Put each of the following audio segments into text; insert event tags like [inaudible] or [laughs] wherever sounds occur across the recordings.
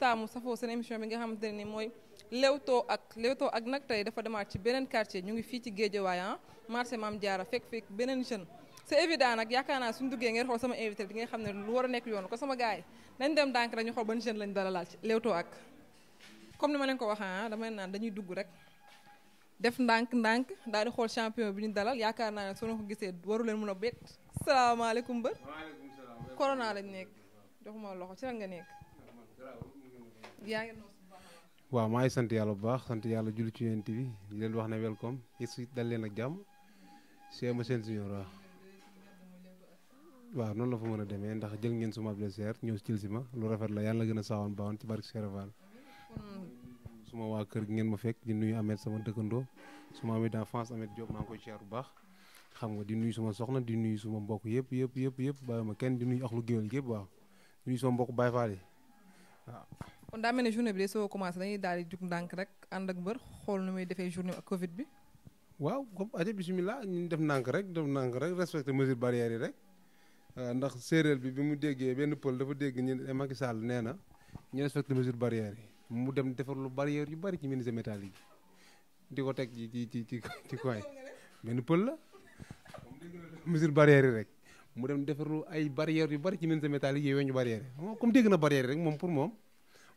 taamu safoo seen émission bi nga xamante ne ni mooy Leewtoo ak Leewtoo ak nag tey dafa demaat ci beneen quartier ñu ngi fii ci Guédiawaye ah marché maam Diarra fekk fekk beneen jeune c'est évident nag yaakaar naa suñu duggee ngeen xool sama invité bi nga xam ne lu war a nekk yoon ko sama gars yi nañ dem dànk rek ñu xool ban jeune lañ dala ci Leewtoo ak comme ni ma leen ko waxee ah, dama leen naan dañuy dugg rek def ndànk ndànk daal di xool champion bi ñu dalal yaakaar naa ne soo ko gisee waru leen mën a bett salaamaaleykum ba corona lañ nekk jox ma loxo ci nga nekk waaw maa ngi sant yàlla bu baax sant yàlla julli ci yonent bi di leen wax ne welcome yéen dal leen ak jàmm Cheikh Massène Junior waaw. waaw noonu la fa mën a demee ndax jël ngeen suma blessure ñëw jël si ma lu rafet la yàlla gën a saawoon baawoon ci barke Cheikh Fall suma waa kër gi ngeen ma fekk di nuyu Ameth sama dëkkandoo suma ami d'enfance Ameth Diop maa ngi koy ziar bu baax xam nga di nuy suma soxna di nuyu suma mbokk yëpp yëpp yëpp yëpp ma kenn di nuyu ak lu géwél yëpp waaw kon daa mel ne journée bi de soo commencé dañuy daal di jug ndànk rek ànd ak mbër xool nu muy defee journée Covid bi. waaw comme aja bisimilah ñu def ndànk rek def ndànk rek respecté mesure barrière yi rek euh, ndax séeréer bi bi mu déggee benn pël dafa dégg ñu Macky Sall neena na ñu respecté mesure barrière yi mu dem defar lu bariyeer yu bari ci menuisier métallique yi di ko teg ci ci ci ci ci coin benn pël la mesure barrière yi rek mu ay barrière yu bari ci menuisier métallique yi weñu barrière moom comme dégg na barrière yi rek moom pour moom.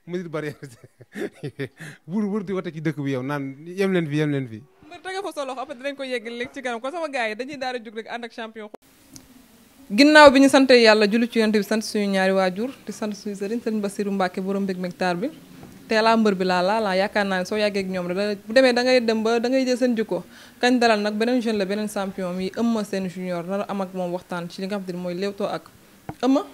mesure barrière [laughs] wur buur di wate ci dëkk bi yow naan yem leen fi yem leen fi. mbër tege fa solo après dinañ ko yeggal léegi ci kanam kon sama gars yi dañuy daal di jug rek ànd ak champion. ginnaaw bi ñu sante yàlla julli ci yonte bi sant suñu ñaari waajur di sant suñu sëriñ sëriñ Basiru Mbàkke borom mbég mektaar bi teelaa mbër bi laa laa laa yaakaar naa ne soo yàggee ak ñoom rek bu demee dangay ngay dem ba da ngay jël seen jikko kañ dalal nag beneen jeune la beneen champion mi Eumeu Sène junior moom waxtaan ci li nga xam te ne mooy Leewtoo ak Eumeu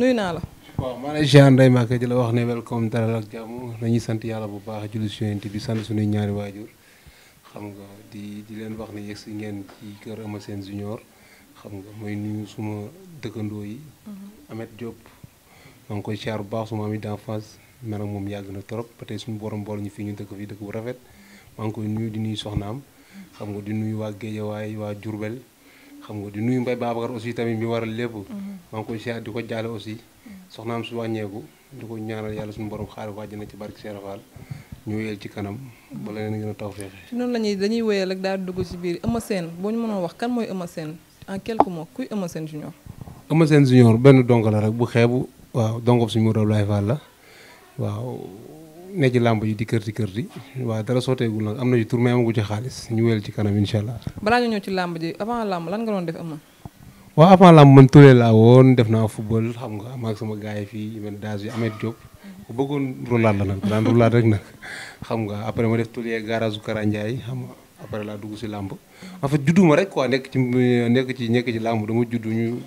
nuyu naa la waaw maa ngi ma Ndeye di la wax ne welcome dalal ak jàmm dañuy sant yàlla bu baax julli si yonent bi sant suñuy ñaari waajur xam nga di di leen wax ne yegg si ngeen ci kër Eumeu Sène junior xam nga mooy nuyu suma dëkkandoo yi. Mhm. Ameth Diop maa ngi koy ziar bu baax suma ami d'enfance man moom yàgg na trop ba tey suñu borom bool ñu fi ñu dëkk fi dëkk bu rafet maa ngi koy nuyu di nuyu soxnaam xam nga di nuyu waa Géejawaay waa Diourbel. xam nga di nuyu Mbaye Babacar aussi tamit mi waral lépp. Mhm. maa ngi koy siyaar di ko jaale aussi. Mhm. soxnaam su wàññeeku di ko ñaanal yàlla suñu borom xaaral ko àjjana ci barke Serigne Fall ñu wéyal ci kanam. ba leneen gën a taw feexe. noonu la ñuy dañuy wéyal ak daal dugg ci biir Eumeu Sène boo ñu mënoon wax kan mooy Eumeu Sène en quelques mots kuy Eumeu Sène junior. Eumeu Sène junior benn dongo la rek bu xeebu waaw dongo suñu Modou Abdoulaye Fall la waaw. ne ci làmb ji di kër di kër waaw dara sooteegul nag am na ci tournée amagu ci xaalis ñu wéyal ci kanam incha allah. balaa ñu ñëw ci làmb ji avant làmb lan nga doon def am na. waaw avant làmb man turee laa woon def naa football xam nga sama gars yi fii man daas yi Ameth Diop. ku bëggoon roulaat la nag daan roulaat rek xam nga après ma def tuulee garage Kara Ndiaye xam nga après laa dugg si làmb en fait juddu ma rek quoi nekk ci nekk ci nekk ci làmb dama juddu ñu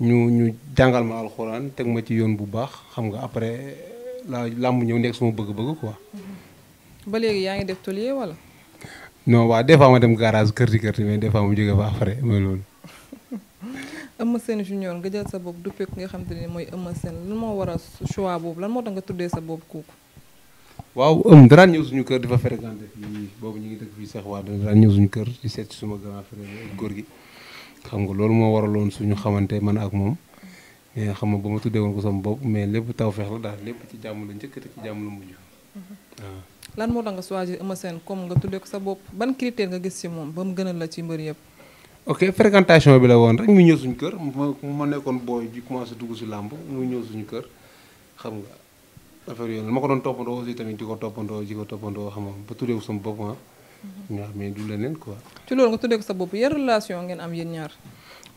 ñu ñu jàngal ma alxuraan teg ma ci yoon bu baax xam nga après. laa làmb ñëw nekk suma bëgg-bëgg ko ba léegi yaa ngi def tôlier wala. non waaw des fois ma dem garage kërti kërti mais des fois mu jógee fa après mooy loolu. [laughs] Eumeu Sène junior nga jël sa bopp duppee ki nga xam te ne mooy Eumeu Sène lan moo war a choix boobu lan moo tax nga tuddee sa bopp kooku. waaw ëm daraan suñu kër dafa fréquenté fii boobu ñu ngi dëkk fii sax waa daraan ñëw kër ci suma grand frère gi xam nga loolu moo waraloon suñu xamante man ak moom. mais eh, xam nga ba mu tuddee woon ko sama bopp mais lépp tawfeex la daal lépp ci jàmm la njëkk te ci jàmm la mm-hmm. ah. lan moo tax nga choisir Eumeu Sène comme nga tuddee sa bopp ban critère nga gis ci moom ba mu gënal la ci mbër yëpp. ok fréquentation bi la woon rek mu ñëw suñu kër ma nekkoon booy commencé dugg si làmb mu ñëw suñu kër xam nga affaire yooyu ma ko doon toppandoo aussi tamit di ko toppandoo di ko toppandoo xam nga ba tuddee ko sama bopp ah. Mm-hmm. mais du leneen quoi. ci loolu nga tuddee ko sa bopp yan relation ngeen am yéen ñaar.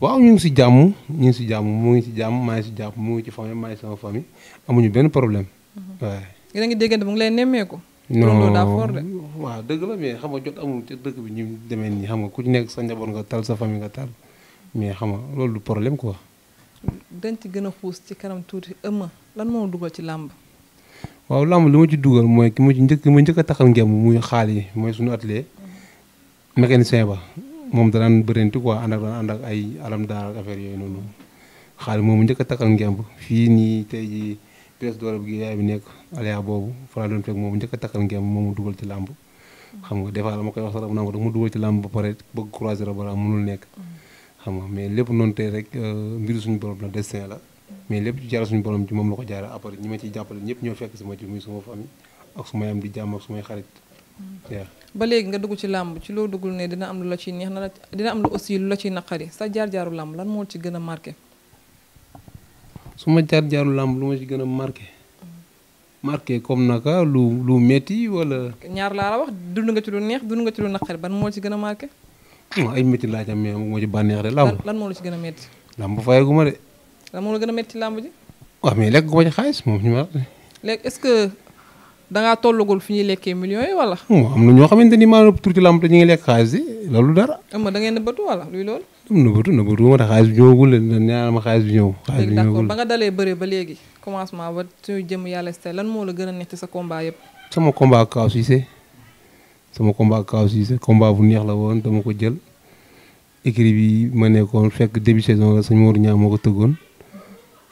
waaw ñu ngi si jàmm ñu ngi si jàmm mu ngi si jàmm maa ngi si jàmm mu ngi ci famille maa ngi sama famille amuñu benn problème. Mhm. waaw. yéen a ngi déggante mu ngi lay nemmeeku. dëgg la mais xam nga jot amul te ñu demee nii xam nga ku ci nekk sa njaboot nga tal sa famille nga tal mais xam nga loolu du problème quoi. dañ ci gën a xuus ci kanam tuuti ëmma lan moo dugal ci làmb. waaw làmb li ma ci dugal mooy ki ma njëkk ma njëkk a taxal ngem muy xaal yi mooy suñu atelier mhm. mécanicien ba. moom danaan bëreenti quoi ànd ak daan ànd ak ay alam daar ak affaire yooyu noonu xaalis moomu njëkk a takkal ngemb fii nii tey jii pièce a bi yaay bi nekk aléa boobu fala doon fekk moomu njëkk a takkal ngemb moomu dugal ci làmb xam nga des fois la ma koy wax sax dama ko dama dugal ci làmb ba pare bëgg croiser nekk xam nga mais lépp noonu tey rek euh, mbiru suñu borom la destin la mais lépp ci jaara suñu borom ci moom la ko jaara après ñi ma ciy jàppale ñëpp ñoo fekk si ma ci muy suma famille ak sumay am di jàmm ak sumay xarit waaw mm. ba léegi nga dugg ci làmb ci loo duggul ne dina am lu la ciy neex na dina am lu aussi lu la ciy naqari sa jaar-jaaru làmb lan moo ci gën a marqué. su ma làmb lu ci gën a marqué. marqué comme naka lu lu métti wala. ñaar la wax dund nga ci neex dund nga ci lu naqari ban moo ci gën a marqué. ay métti laa ca mais moo ci bànneex de làmb. lan moo la ci gën a métti. làmb fayagu ma de. lan moo la gën a metti ci làmb ji. waaw mais lekk gu ma ci xaalis moom ñu ma. léegi est da ngaa tollagul fi ñu lekkee millions yi wala. Hmm, am na ñoo xamante ni maanaam tuuti lamb te ñu ngi lekk xaalis bi loolu dara. am da ngeen nëbbatu wala luy loolu. Hmm, nëbbatu na moo tax xaalis bi ñëwagul ne xaalis bi ñëw. xaalis bi ñëwagul ba nga dalee bëre ba léegi commencement ba suñu jëm yàlla si lan moo la gën a neex ci sa combat yëpp. sama combat ak Kaaw Cissé sama combat bu neex la woon dama ko jël écrit bi ma nekkoon fekk début saison la sëñ Mor Niang moo ko tëggoon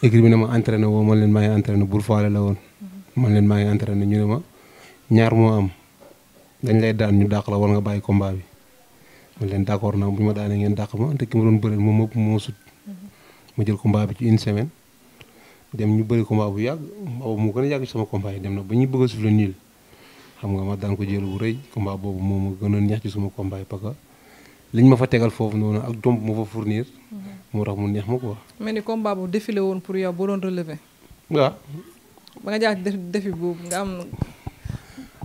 écrit bi na ma entraîné woo ma leen maay entraîné Bour Fale la woon man leen maa ngi na ñu ne ma ñaar moo am dañ lay daan ñu dàq la war nga bàyyi combat bi man leen d'accord na bu ma daanee ngeen dàq ma te ma doon bëreel moom moo moo sut ma ci une semaine dem ñu bëri combat bu yàgg boobu gën a yàgg ci sama combat dem na ba ñuy bëgg a suuf la nga ma daan ko jël bu rëy combat boobu moom a neex ci sama combat yi liñ ma fa tegal foofu noonu ak domb ma fa fournir. Mhm. moo tax mu neex ma ko mel ni combat bu défilé woon pour yow boo doon relever. ba nga jaar def defi boobu nga am.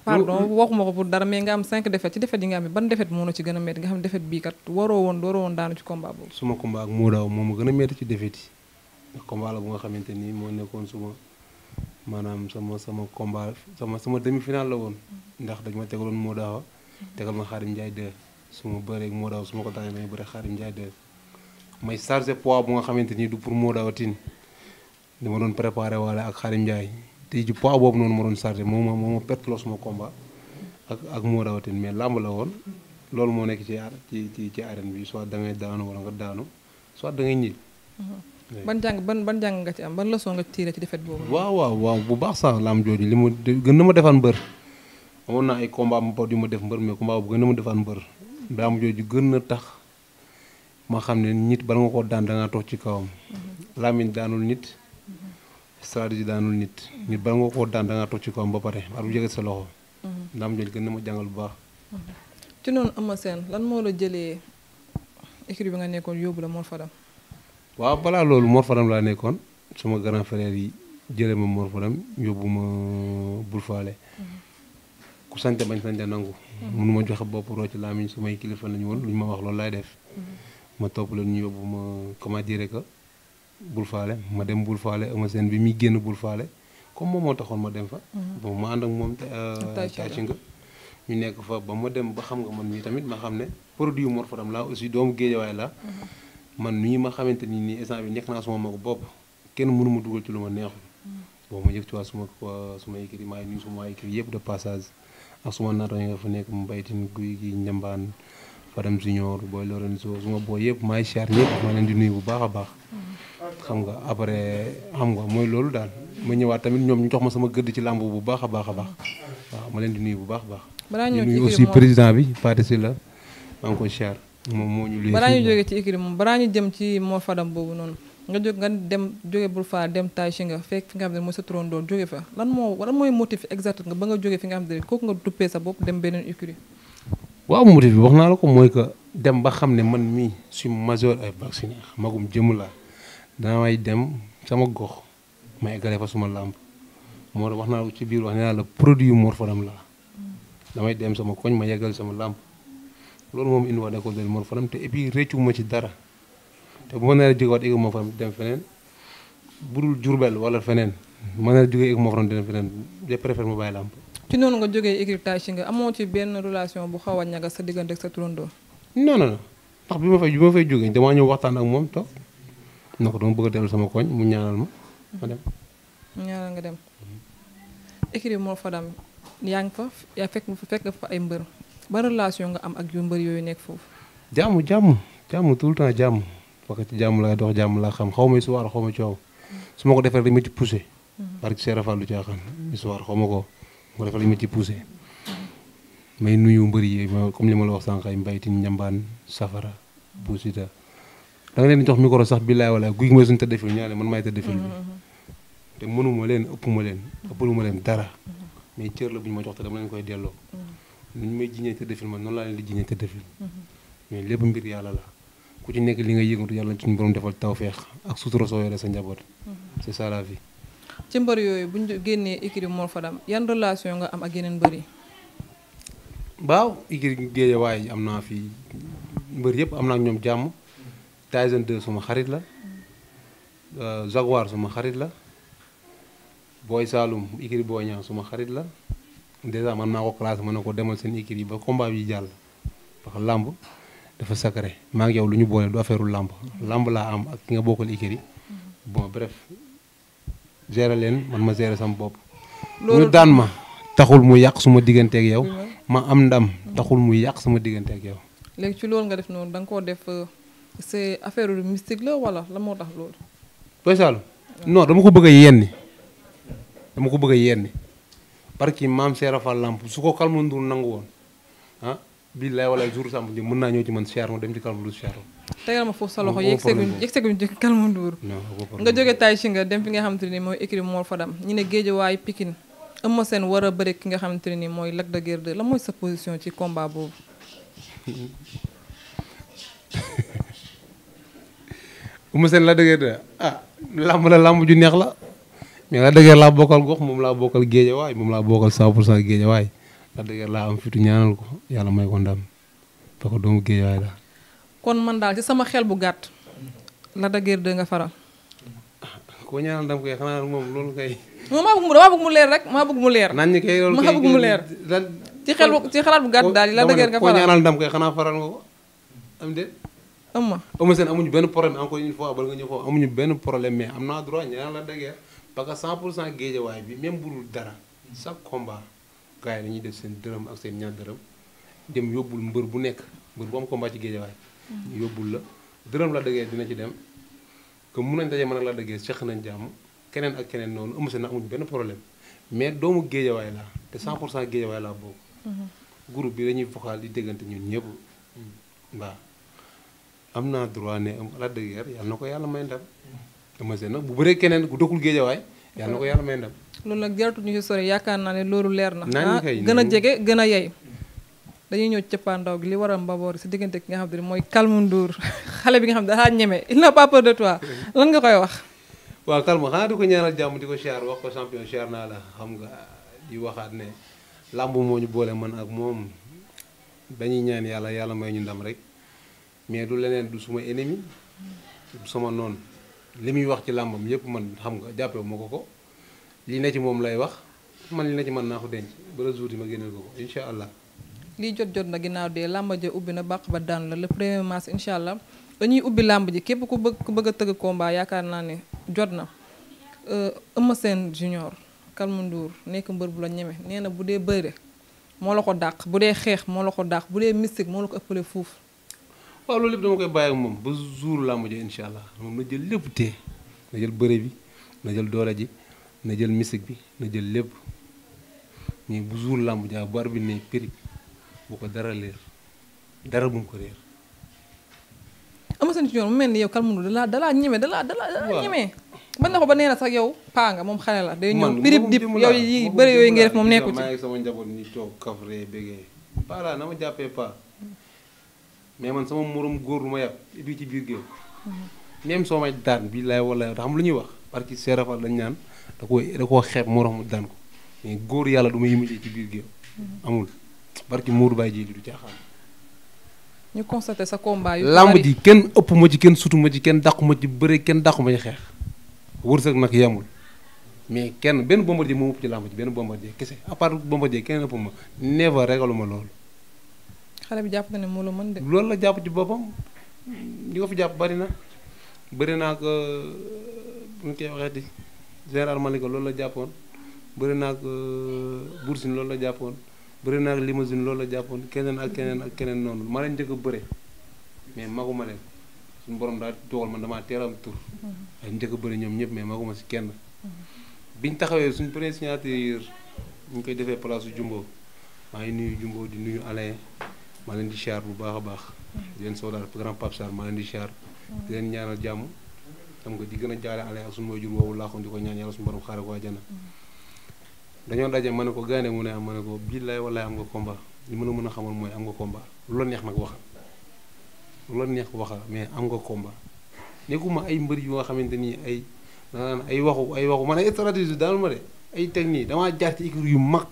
pardon waxuma ko pour dara mais nga am 5 défaites ci defet yi nga am ban defet moo na ci gën a métti nga xam défaite bii kat waroo woon waroo woon daanu ci combat boobu. suma combat ak Mourao moom a a métti ci défaite yi ndax combat bu nga xamante nii moo nekkoon suma maanaam sama sama combat sama sama demi final la woon ndax dañ ma tegaloon Mourao tegal ma Xaarim Ndiaye 2 su ma bëree ak Mourao su ma ko daanee damay bëri Xaarim Ndiaye 2 may chargé pois bu nga xamante ni du pour Mourao Tine. ma doon préparé waale ak Xarim Ndiaye te ci poids boobu noonu ma doon chargé moo ma moo ma perclos ma ak ak moo rawatin mais làmb la woon loolu moo nekk ci ci ci ci arène bi soit da ngay daanu wala nga daanu soit da ngay ñib. Mhm. ban jàng ban ban jàng nga ci am ban leçon nga ci tiré ci defet boobu. waaw waaw waaw bu baax sax laam jooju li ma gën na ma defaan mbër amoon naa ay combat ma pot yu ma def mbër mais combat bu gën na ma defaan mbër laam jooju gën na tax ma xam ne nit bala nga daan da ci kawam. Mhm. laamin stratégie daanul nit nit bala nga koo daan da ngaa toog ci kawam ba pare at bu jege sa loxo. Mhm. ndax mu jël gën na ma jàngal bu baax. Mhm. ci la jëlee écurie bi nekkoon yóbbu la Mor Fadam. waaw balaa loolu Mor Fadam laa nekkoon sama grand yi jëlee ma Mor Fadam ma Bul Faale. Mhm. ku sante bañ sante nangu. mënu ma joxe bopp roo ci làmmiñ kilifa lañu woon lu ñu ma wax loolu laay def. ma topp leen yóbbu ma comment dire bul faale ma dem bul faale ama seen bi muy génn bul faale comme moom moo taxoon ma dem mhm. euh, nga ñu nekk fa ba ma dem nga man mii tamit ma xam ne produit yu Morfadam laa aussi doomu géejawaay laa. Mhm. man nii ma xamante ni nii instant bi nekk naa ma ko bopp kenn mënu ma ci lu ma neexul. Mhm. bon ma yëg ci waa suma suma écrit maa ngi nuyu suma waa écrit yëpp de passage ak suma naatoo yi nga fa nekk mu baytin guy gi njambaan Fadam Junior yëpp ma leen di nuyu bu baax a baax. xam nga après xam nga mooy loolu daal ma ñëwaat tamit ñoom ñu jox ma sama gëdd ci làmb bu baax a baax a baax waaw ma leen di nuyu bu baax a baax. balaa ñu nuyu aussi président bi Fatou Sylla maa ngi koy siyaar moom moo ñu. balaa ñu jógee ci écurie moom ñu jëm ci moo fadam boobu noonu nga jóg nga dem jóge bul faa dem tay si nga fekk nga xam ne mooy sa turon doon jóge fa lan moo lan mooy motif exact nga ba nga jóge fi nga xam ne kooku nga duppee sa bopp dem beneen écurie. waaw motif bi wax naa la ko mooy que dem ba xam ne man mii suñu majeur ay vacciné magum jëmu laa damay dem sama gox ma eggale fa sama làmb moo tax wax naa ci biir wax ne naa la produit Mor Fadam la damay dem sama koñ ma yeggal sama làmb loolu moom indi wax école de Mor Fadam te et puis ma ci dara te bu ma nee la jógewaat école Mor Fadam dem feneen wala feneen ma nee jógee école Mor Fadam dem feneen je ma bàyyi làmb ci noonu nga jógee écrit tâche nga amoo ci benn relation bu xaw a ñaga sa diggante sa turandoo. non non ndax bi ma fay bi ma fay jógee damaa ñëw waxtaan ak moom toog na ko dama bëgg a dellu sama koñ mu ñaanal ma ma dem. ñaanal nga dem. écurie Mor Fadam yaa ngi fa yaa fekk fekk nga fa ay mbër ba relation nga am ak yu mbër yooyu nekk foofu. jàmm jàmm jàmm tout le temps jàmm parce que ci jàmm laay dox jàmm laa xam xaw ma histoire xaw ma coow su ma ko defee la ma ci poussé. parce que Cheikh Fall ma ko may nuyu mbër yi comme li ma la wax sànq ay mbaytin ñambaan safara buusita da leen di jox micro sax billaay wala guy mooy suñu tëddee fii ñu man maay tëddee fii mm-hmm. te mënuma leen ëppuma leen mm-hmm. ma leen dara mm-hmm. mais cër la bu ñu ma jox te dama leen koy delloo ni ñu may jiñee tëddee fii man di jiñee tëddee fii mais lépp mbir yàlla la ku ci nekk li nga yëngatu yàlla suñu borom defal tawféex ak sa njaboot c'est ça la vie ci bu ñu génnee écurie yan relation nga am ak yeneen mbër yi waaw am naa fi mbër yëpp am naa ñoom jàmm Tyson 2 suma xarit la euh, Jaguar suma xarit la Boy Saloum ikiri Boy Niang suma xarit la dèjà man maa ko classé ma ne ko demal seen ikiri ba combat bi jàll parce làmb dafa sacré maa ngi yow lu ñu boole du affaire làmb làmb laa am ak ki nga bokkal ikiri bon bref gérer leen man ma gérer sama bopp. loolu daan ma taxul mu yàq suma digganteeg yow. ma am ndam taxul mu yàq sama digganteeg yow. léegi ci loolu nga def noonu da nga def. Euh, c'est affaire mystique la walla la moo tax loolu. Boy Saloum non dama ko bëgg a yenni dama ko bëgg a yenni barki maam Seera Fall Lamp su ko Calme Ndour nangu woon ah billaay wala jour sàmm ji mën naa ñëw ci man siyaar ma dem ci Calme Ndour siyaar ma. loxo yegg seguñ yegg seguñ ci nga jóge tay ci nga dem fi nga xamante ni mooy écurie Mor Fadam ñu ne Géejawaay Pikine Eumeu Sène war a bëre ki nga xamante ne nii mooy Lac de Guiers 2 la mooy sa position ci combat boobu. [laughs] Eumeu Sène la dëgër de ah làmb la làmb ju neex la mais la dëgër laa bokkal gox moom laa bokkal géejawaay moom laa bokkal 100 pour géejawaay la dëgër laa am fitu ñaanal ko yàlla may ko ndam ko doomu la. kon man daal ci la dëgër de nga faral. koo ñaanal ndam kay xanaa moom loolu kay. moom maa bëgg mu maa bëgg mu leer rek maa bëgg mu leer. naan ñi kay loolu maa bëgg mu leer. ci xel bu ci xalaat bu gàtt daal la dëgër nga faral koo ñaanal ndam kay xanaa faral nga ko am de ëmma ëmma seen amuñu benn problème encore une fois bala nga ñëw foofu amuñu benn am naa droit ñaan la dëgg parce que 100 pour cent géejawaay bi même bu dara chaque combat gars yi def seen dërëm ak seen ñaar dërëm dem yóbbul mbër bu nekk mbër bu am combat ci géejawaay ñu mm-hmm. yóbbul la dërëm la degee dina ci dem que mun nañ daje mën a la dëgg seq nañ jàmm keneen ak keneen noonu ëmma seen amuñu benn problème mais doomu géejawaay la te 100 pour cent géejawaay laa boobu mm-hmm. groupe bi dañuy vocal di déggante ñun ñëpp mm-hmm. am naa droit ne am Lac de Guiers yàlla na ko yàlla may ndam. Eumeu Sène nag bu bëree keneen ku dëkkul géejawaay yàlla na ko yàlla may ndam. loolu nag jaratu ñu ci sori yaakaar naa ne loolu leer na. naa ah, gën a jege gën a yay dañuy ñëw cappaandaw gi li war a mbaboor si diggante ki nga xam ne mooy Calme Ndour [laughs] xale bi nga xam ne dafa ñeme il n'a pas peur de toi lan nga koy wax. waaw Calme xanaa di ko ñaanal jàmm di ko siyaar wax ko champion siyaar naa la xam nga di waxaat ne làmb moo ñu boole man ak moom dañuy ñaan yàlla yàlla may ñu ndam rek mais du leneen du suma ennemi sama noonu li muy wax ci làmbam yépp man xam nga jàppewu ma ko ko li ne ci moom lay wax man li na ci mën naa ko denc bala zuuti ma génneel ko ko incha allah. lii jot jot na ginnaaw de làmba ja ubbi na bàq ba daan la le premier mars incha allah dañuy ubbi làmb ji képp ku bëgg ku bëgg a tëgg kombaa yaakaar naa ne jot na euh, Eumeu seen junior Calme Ndour nekk mbër bu la ñeme nee na bu dee bëre moo la ko dàq bu dee xeex moo la ko dàq bu dee mystique moo la ko ëppale fuuf. waaw loolu lépp dama koy bàyyi ak moom ba jour làmb ji incha allah moom na jël lépp tee na jël bëre na jël doole ji na jël misik bi na jël lépp mais bu jour làmb bar bi ne péri bu ko dara leer dara bu mu ko leer. ama seen ci yoon mu mel ni yow kalmunu dalaa dalaa ñeme dalaa dalaa ñeme mën na ko ba nee na sax yow paa nga moom xale la day ñëw birib dib yow yi bëri yooyu ngay def moom nekku ci paa laa na ma jàppee paa mais man sama moroom góor lu ma yàpp bii ci biir géew même soo may daan bi laay wala xam lu ñuy wax parce que seerafal dañ ñaan da koo da moroom mu daan ko mais góor yàlla du ma yimajee ci biir géew amul barki Mourou Baye ji li du caaxaan. ñu constaté sa combat làmb ji kenn ëpp ma ci kenn sutu ma ci kenn dàqu ma ci bëre kenn dàqu ma ci xeex. wërsëg nag yemul mais kenn benn bombardier moom ëpp ci làmb ji benn bombardier kese à part bombardier kenn ëpp ma ma loolu. xale bi jàpp na ne moo la mën de. loolu la jàpp ci boppam ñi ko fi jàpp bari na bëri naa ko nu ñu koy waxeeti général Malika loolu la jàppoon bëri naa ko Boursine loolu la jàppoon bëri naa ko Limousine loolu la jàppoon keneen ak keneen ak keneen noonu ma leen njëkk a mais maguma leen suñu borom daal dogal man damaa teel am tur. Mm-hmm. ay njëkk a bëri ñoom ñëpp mais maguma si kenn. Mm-hmm. biñ taxawee suñu première signature ñu koy defee place Jumbo maa ngi nuyu Jumbo di nuyu Alain. maa leen di siyaar bu baax a baax. Mm-hmm. di leen soo daal grand Pape Sarr maa leen di siyaar. leen ñaanal jàmm. xam nga di gën a jaale ale ak suñu waajur woowu laaxoon di ko ñaan yàlla suñu borom xaaral ko àjjana. Mm-hmm. dañoo daje ma ne ko gaynde mu ne am ma ne ko billaay wallaay am nga combat li mën a mën a xamal mooy am nga combat lu la neex nag waxal lu la neex waxal mais am nga combat nekkuma ay mbër yu nga xamante ni ay naan ay waxu ay waxu man ay stratégie daal ma de ay technique damaa jaar ci écurie yu mag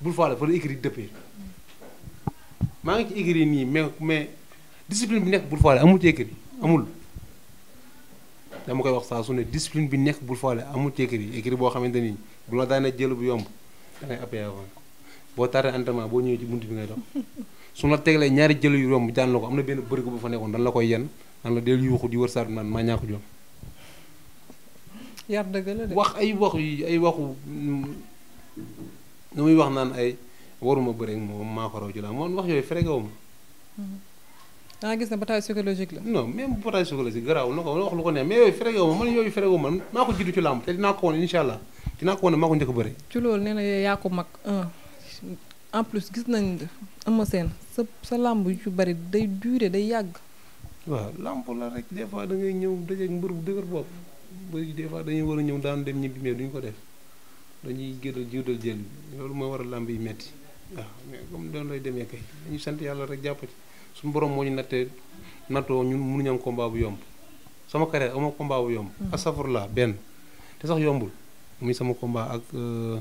bul faale fa la écurie dëppee maa ngi ci écurie nii mais mais discipline bi nekk bul faale amul ci écurie amul dama koy wax saa su ne discipline bi nekk bul faale amul ci écurie écurie boo xamante ni bu la daanee jël bu yomb da ngay appuyé boo tardé entraînement boo ñëwee ci bunt bi ngay dox su la teglee ñaari jël yu yomb jaan la ko am na benn bërigo bu fa nekkoon dan la koy yenn dan la del yuuxu di wër saa naan maa ñaako jom yar dëgg la de wax ay wax yi ay waxu nu muy wax naan ay waruma bëri moom maa ko raw ci laa moom wax yooyu frégué wu ma. ah gis na bataille psychologique la. non même bataille psychologique garaaw na ko wax lu ko neex mais yooyu frégué wu ma man yooyu frégué wu ma maa ko jiitu ci làmb te dinaa ko wane incha allah dinaa ko maa ko njëkk a bëri. ci loolu nee na yaa ko mag en plus gis nañ ama seen sa sa làmb yu ci bëri day durer day yàgg. waaw làmb la rek des fois da ngay ñëw dajeeg mburu bu dëgër bopp bëri des fois dañuy war a ñëw daan dem ñibbi mais duñ ko def dañuy gëdal jiwdal jël loolu mooy war a yi metti waaw doon lay demee kay dañu sant yàlla rek jàpp ci borom moo ñu nattee nattoo ñun mënuñu bu yomb sama carrière amoo combat bu yomb. Mm-hmm. asafur sax yombul muy sama combat ak euh,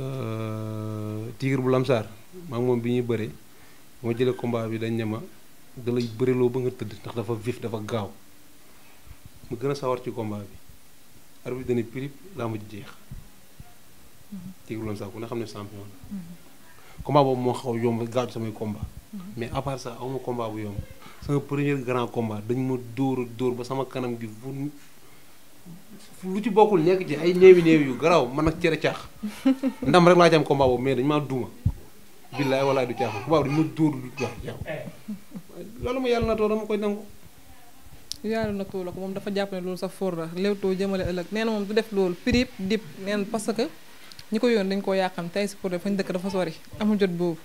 euh, tigre bu lamsaar maa bi ñuy bëree moo jëlee combat bi dañ ne ma da lay bëriloo ba nga tëdd ndax dafa vif dafa gaaw mu gën a sawar ci combat bi arbitre dana prip laa ma jeex. Tigre Lone sax ku ne xam ne champion la. Mhm. combat boobu xaw yomb gaaw samay combat. Mhm. mais à part ça awma combat bu yomb sama premier grand combat dañ ma dóor ba sama kanam gi fu lu nekk ci ay néewi néew yu garaaw man nag cere caax [laughs] ndam rek laa mais dañ maa duma. billaay walaay du caaxaan combat eh. loolu yàlla na too dama koy nangu. yàlla na too moom dafa jàpp ne loolu sax for la léewtoo jëmale ëllëg nee moom du def loolu prip dip neen parce que. ñi ko yoon dañ koo yàqam tey si pour fañ dëkk dafa sori amul jot boobu.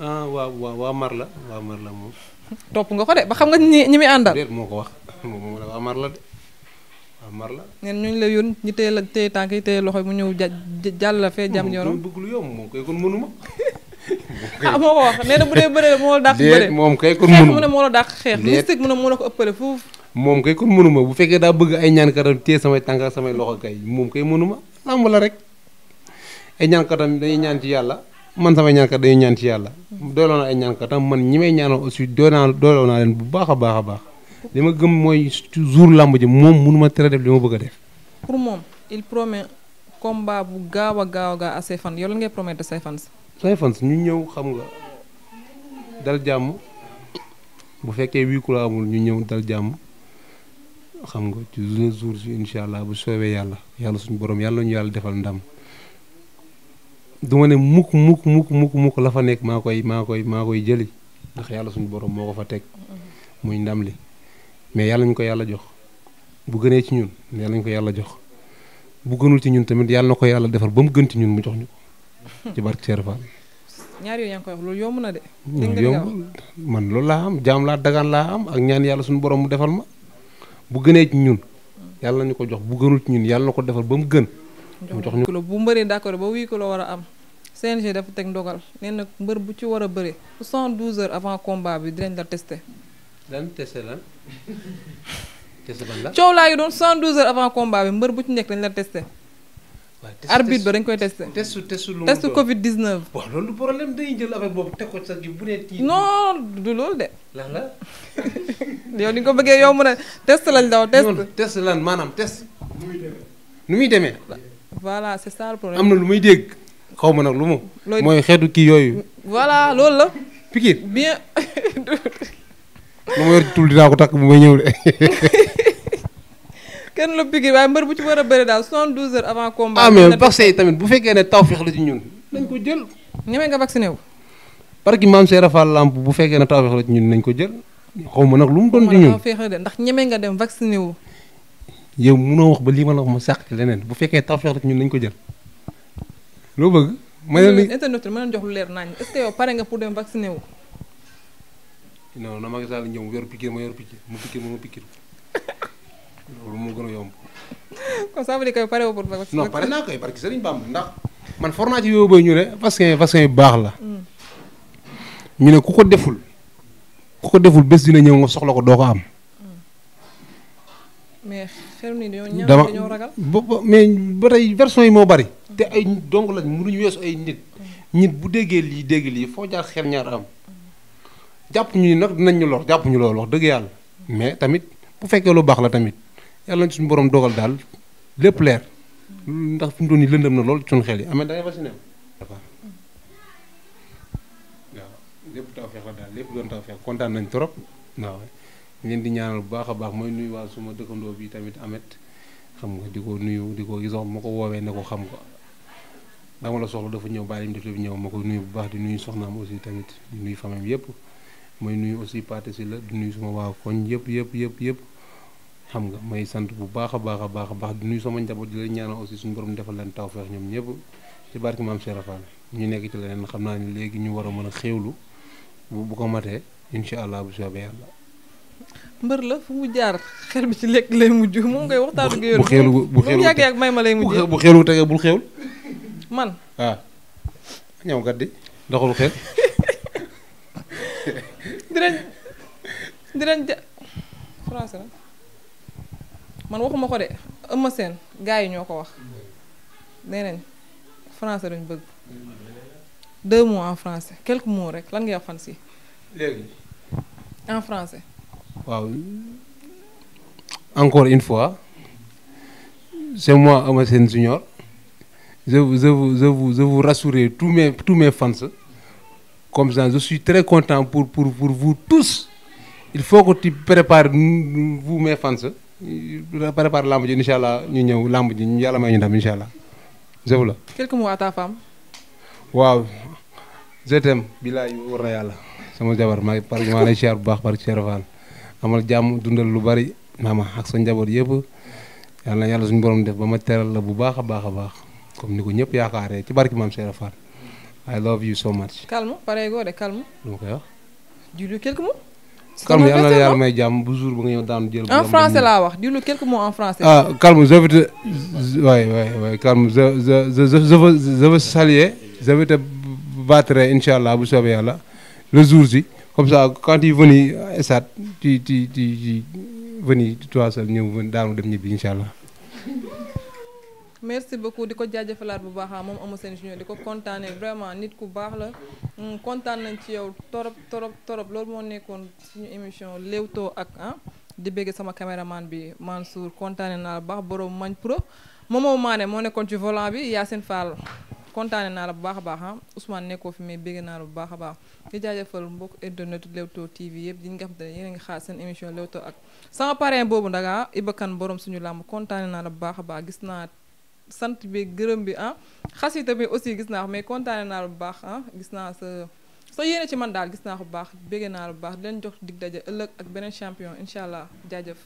ah waaw waaw waa mar la waa mar la moom. topp nga ko de ba xam nga ñi ñi muy àndal. déet moo ko wax [laughs] moom waa mar la mar la. ñenn ñooñu la yoon ñu téye la téye tànk yi loxo mu ñëw ja jàll la fee jàmm yoonam. lu yomb moom kay kon mënuma. [laughs] ah moo ko wax nee na bu moo la dàq bëre déet moom kay kon mënuma xeex mu ne moo la dàq xeex moo la ko bu fekkee daa bëgg ay ñaan katam téye samay tànk samay loxo kay moom kay mënuma làmb la rek ay ñaankatam dañuy ñaan ci yàlla man sama ñaankat dañuy ñaan ci yàlla doyloo naa ay ñaankatam man ñi may ñaanal aussi doy naa doyloo naa leen bu baax a baax a baax li ma gëm mooy jour làmb ji moom munuma ma tere def li ma bëgg a def. pour moom il promet combat bu gaaw a gaaw a gaaw à ses fans yow lan ngay promettre say fans. say ñu ñëw xam nga dal jàmm bu fekkee huis clos amul ñu ñëw dal jàmm. xam nga ci jour si incha allah bu soobee yàlla yàlla suñu borom yàlla ñu yàlla defal ndam. du ma ne mukk mukk mukk mukk mukk la fa nekk maa koy maa koy maa koy jëli ndax yàlla suñu borom moo ko fa teg muy ndam li mais yàlla ñu ko yàlla jox bu gënee ci ñun yàlla ñu ko yàlla jox bu ci ñun tamit yàlla na ko yàlla defal ba mu gën ñun mu jox ñu ko ci barke Cheikh Fall ñaar yooyu yaa ngi koy wax loolu yomb na de. yomb man loolu laa am jaam laa dagaan laa am ak ñaan yàlla suñu borom mu defal ma bu gënee ñun yàlla ñu ko jox bu gënul ci ñun yàlla na ko defal ba mu gën mu jox ñu bu mbëree d'accord ba wii ko war a am CNG dafa teg ndogal nee mbër bu ci war a bëre 72 heures avant combat bi dinañ la tester. lan tester lan. tester ban la coow laa yi doon 72 heures avant combat bi mbër bu ci nekk dañ la tester. arbitre ba dañ koy teste testu testu lu testu Covid 19. waaw loolu problème dañuy jël affaire boobu teg ko sax bu dee. non du loolu de. lan la. [laughs] yow ni nga ko bëggee yow mën a test lañ daw test. non test lan maanaam test. nu muy demee. voilà c'est ça problème. am na lu muy dégg. xaw ma nag lu mu. mooy xeetu kii yooyu. voilà loolu la. pikiir bien. lu ma yor tul dinaa ko takk bu may ñëw de. kenn la pikiir waaye mbër bu ci war a bari daal 72 heures avant combat. ah mais vaccin yi tamit bu fekkee ne tawfeex la ci ñun. nañ ko jël. ñeme nga vacciné wu. parce que maam Serap Fall lamp bu fekkee ne tawfeex la ñun nañ ko jël. xaw ma nag lu mu doon ci ñun ndax ñeme nga dem vacciné wu. yow munoo wax ba lii ma la wax ma sàq ci leneen bu fekkee taw la ci ñun nañ ko jël. loo bëgg. ma ne nii internet ma pare nga pour dem vacciner wu. non non Macky ñëw mu yor piqûre ma yor piqûre mu piqûre ma ma piqûre loolu moo gën a yomb. que pare woo pour pare naa Sëriñ Bamba man for naa ci yooyu booy ñu ne vaccin yu baax la. mu mm. ne ku ko deful ku ko deful bés dina ñëw nga soxla ko doo ko am. Mm. mais xel ni dañoo mais ba tey version yi moo bari. te ay dong lañ mënuñu weesu ay nit nit bu déggee lii dégg lii foo jaar xel ñaar am jàpp ñu ni nag dinañ ñu lor jàpp ñu loolu wax dëgg yàlla mais tamit bu fekkee lu baax la tamit yàlla nañ suñu borom dogal daal lépp leer ndax fu mu doon nii lëndëm na lool suñu xel yi amee dangay fasciné waaw lépp taw feex la daal lépp doon taw feex kontaan nañ trop waaw leen di ñaanal bu baax a baax mooy nuyu waa suma dëkkandoo bii tamit amet xam nga di ko nuyu di ko gis ma ko woowee ne xam nga dama la soxla dafa ñëw bàyyi mu def lépp ñëw ma koy nuyu bu baax di nuyu soxnaam aussi tamit di nuyu famille yëpp may nuyu aussi Pathé la di nuyu suma waa koñ yëpp yëpp yëpp yëpp xam nga may sant bu baax a baax a baax a baax di nuyu sama njaboot di leen ñaanal aussi suñu borom defal leen tawfeex ñoom ñëpp ci barke am Cheikh Rafal ñu nekk ci leneen xam naa ni léegi ñu war a mën a xéewlu bu bu ko matee incha allah bu soobee yàlla. mbër la fu jaar xel bi ci lekk lay mujj moom ngay waxtaanu. bu bu xeelu bu xeelu bu yàggee ak may ma lay mujjee bu xeelu tegee bul xeewul man waaw. Ah. ñëw kat di. doxul xel. [laughs] dinañ français man waxuma ko de ëmma seen ñoo ko wax nee nañ français lañ bëgg deux mots en français quelques mots rek lan ngay fan si. en français. waaw encore une fois c'est moi Eumeu Sène Junior. je vous je vous je vous je vous fans comme ça je suis content pour pour pour vous tous il faut que tu prépares vous mais fans euh, prépare lamb ji incha allah ñu ñëw lamb ji ñu yàlla may ñu ndam incha allah je la. quelques mots à ta femme. waaw je t'aime. bilaay war na yàlla. sama jabar maa gi par maa lay siyaar bu baax par Cheikh Fall amal jàmm dundal lu bari maama ak sa njaboot yëpp yàlla na yàlla suñu borom def ba ma teral la bu baax a baax a baax. comme ni ko ñëpp yaakaaree ci barki maam Cheikh Fall bu jour ba nga ñëw daanu jël. wax dis-lui quelques mots en ah, incha allah bu soobee yàlla le jour ji comme ça quand il venu esat tu tu tu tu venu toi seul dem ñibbi incha allah. merci beaucoup di ko jaajëfalaat bu baax moom Eumeu Sène Junior di ko kontaanee vraiment nit ku baax la mm, kontaan nañ ci yow torop torop torop loolu moo nekkoon suñu émission Leewtoo ak ah di bëgg sama caméraman bi Mansour kontaanee naa la bu baax borom mañ pro Momo Mané moo nekkoon ci volant bi Yacine Fall kontaanee naa la bu baax a baax ah Ousmane nekkoo fi may bëgg naa la bu baax a baax di jaajëfal mbokk internet Leewtoo TV yëpp di nga xam te ne yéen ngi xaar seen émission Leewtoo ak sama parrain boobu ndaga ah, Iba Kane boroom suñu làmb kontaanee naa la bu baax a baax gis naa. sant bi gërëm bi ah xasida bi aussi gis naa ko mais kontaane naa lu baax ah gis naa sa sa yéene ci man daal gis naa ko baax béggee naa lu baax di leen jox dig daje ëllëg ak beneen champion incha allah jaajëf